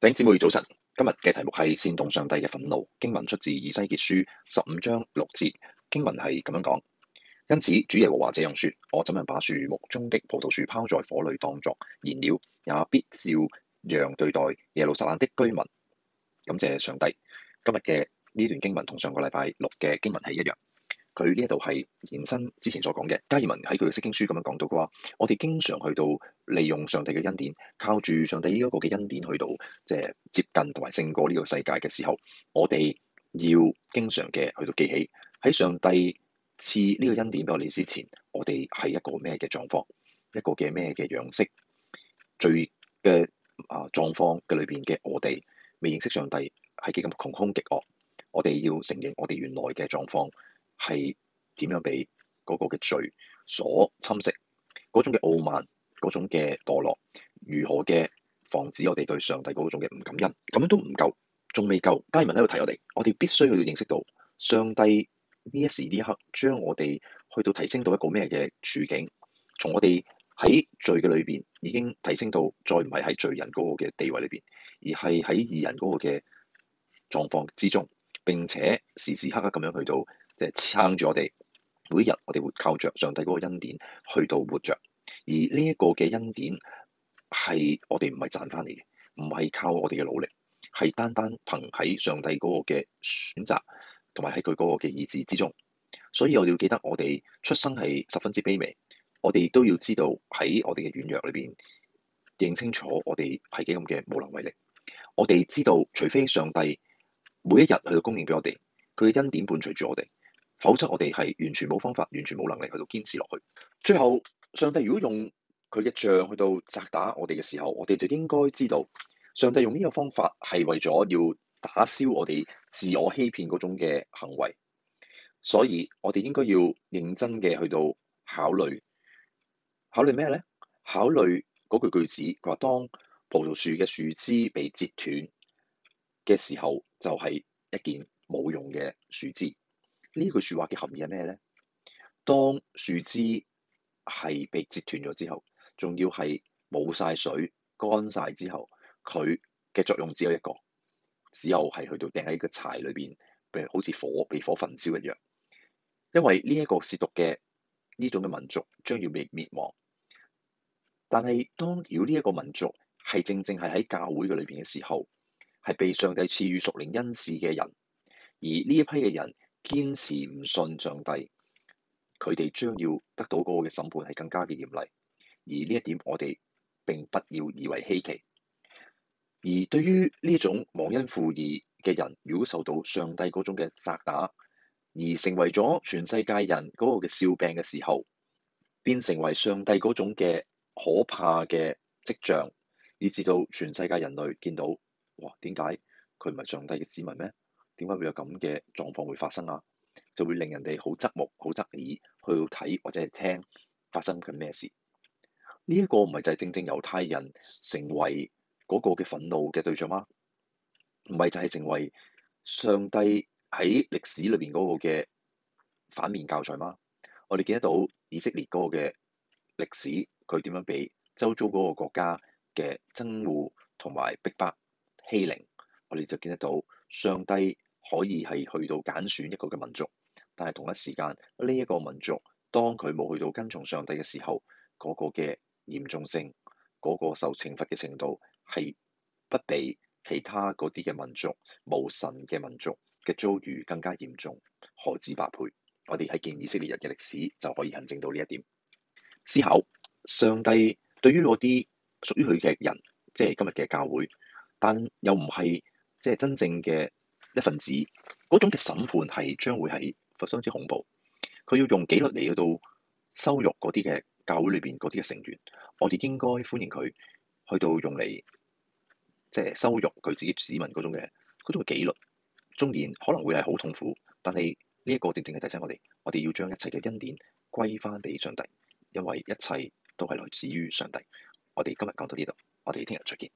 弟兄姊妹早晨，今日嘅題目係煽動上帝嘅憤怒，經文出自以西結書十五章六節，經文係咁樣講：因此主耶和華這樣說，我怎樣把樹木中的葡萄樹拋在火裡當作燃料，也必照樣對待耶路撒冷的居民。感謝上帝，今日嘅呢段經文同上個禮拜六嘅經文係一樣。佢呢一度係延伸之前所講嘅加爾文喺佢嘅《釋經書》咁樣講到嘅話，我哋經常去到利用上帝嘅恩典，靠住上帝呢一個嘅恩典去到即係、就是、接近同埋勝過呢個世界嘅時候，我哋要經常嘅去到記起喺上帝賜呢個恩典俾我哋之前，我哋係一個咩嘅狀況，一個嘅咩嘅樣式，罪嘅啊狀況嘅裏邊嘅我哋未認識上帝係幾咁窮兇極惡，我哋要承認我哋原來嘅狀況。係點樣被嗰個嘅罪所侵蝕？嗰種嘅傲慢，嗰種嘅墮落，如何嘅防止我哋對上帝嗰種嘅唔感恩？咁樣都唔夠，仲未夠。加爾文喺度提我哋，我哋必須要認識到上帝呢一時呢一刻將我哋去到提升到一個咩嘅處境？從我哋喺罪嘅裏邊已經提升到再唔係喺罪人嗰個嘅地位裏邊，而係喺義人嗰個嘅狀況之中。並且時時刻刻咁樣去到。即係撐住我哋，每一日我哋活靠着上帝嗰個恩典去到活着。而呢一個嘅恩典係我哋唔係賺翻嚟嘅，唔係靠我哋嘅努力，係單單憑喺上帝嗰個嘅選擇，同埋喺佢嗰個嘅意志之中。所以我哋要記得，我哋出生係十分之卑微，我哋都要知道喺我哋嘅軟弱裏邊認清楚，我哋係幾咁嘅無能為力。我哋知道，除非上帝每一日去到供應俾我哋，佢嘅恩典伴隨住我哋，否則，我哋係完全冇方法，完全冇能力去到堅持落去。最後，上帝如果用佢嘅杖去到責打我哋嘅時候，我哋就應該知道，上帝用呢個方法係為咗要打消我哋自我欺騙嗰種嘅行為。所以，我哋應該要認真嘅去到考慮，考慮咩呢？考慮嗰句句子，佢話：當葡萄樹嘅樹枝被截斷嘅時候，就係一件冇用嘅樹枝。呢句説話嘅含義係咩咧？當樹枝係被截斷咗之後，仲要係冇晒水、乾晒之後，佢嘅作用只有一個，只有係去到掟喺個柴裏邊，譬如好似火被火焚燒一樣。因為呢一個褻瀆嘅呢種嘅民族將要被滅亡。但係當如果呢一個民族係正正係喺教會嘅裏邊嘅時候，係被上帝賜予屬靈恩賜嘅人，而呢一批嘅人。堅持唔信上帝，佢哋將要得到嗰個嘅審判係更加嘅嚴厲，而呢一點我哋並不要以為稀奇。而對於呢種忘恩負義嘅人，如果受到上帝嗰種嘅責打，而成為咗全世界人嗰個嘅笑柄嘅時候，變成為上帝嗰種嘅可怕嘅跡象，以致到全世界人類見到，哇，點解佢唔係上帝嘅子民咩？點解會有咁嘅狀況會發生啊？就會令人哋好側目、好側耳去睇或者係聽發生緊咩事？呢、這、一個唔係就係正正猶太人成為嗰個嘅憤怒嘅對象嗎？唔係就係成為上帝喺歷史裏邊嗰個嘅反面教材嗎？我哋見得到以色列嗰個嘅歷史，佢點樣俾周遭嗰個國家嘅憎惡同埋逼迫，迫欺凌，我哋就見得到上帝。可以係去到揀選一個嘅民族，但係同一時間呢一個民族，當佢冇去到跟從上帝嘅時候，嗰個嘅嚴重性，嗰個受懲罰嘅程度係不比其他嗰啲嘅民族、無神嘅民族嘅遭遇更加嚴重，何止百倍？我哋係見以色列人嘅歷史就可以印證到呢一點。思考上帝對於嗰啲屬於佢嘅人，即係今日嘅教會，但又唔係即係真正嘅。一份子嗰種嘅審判係將會係相之恐怖，佢要用紀律嚟去到羞辱嗰啲嘅教會裏邊嗰啲嘅成員，我哋應該歡迎佢去到用嚟即係羞辱佢自己子民嗰種嘅嗰種紀律，縱然可能會係好痛苦，但係呢一個正正係提醒我哋，我哋要將一切嘅恩典歸翻俾上帝，因為一切都係來自於上帝。我哋今日講到呢度，我哋聽日再見。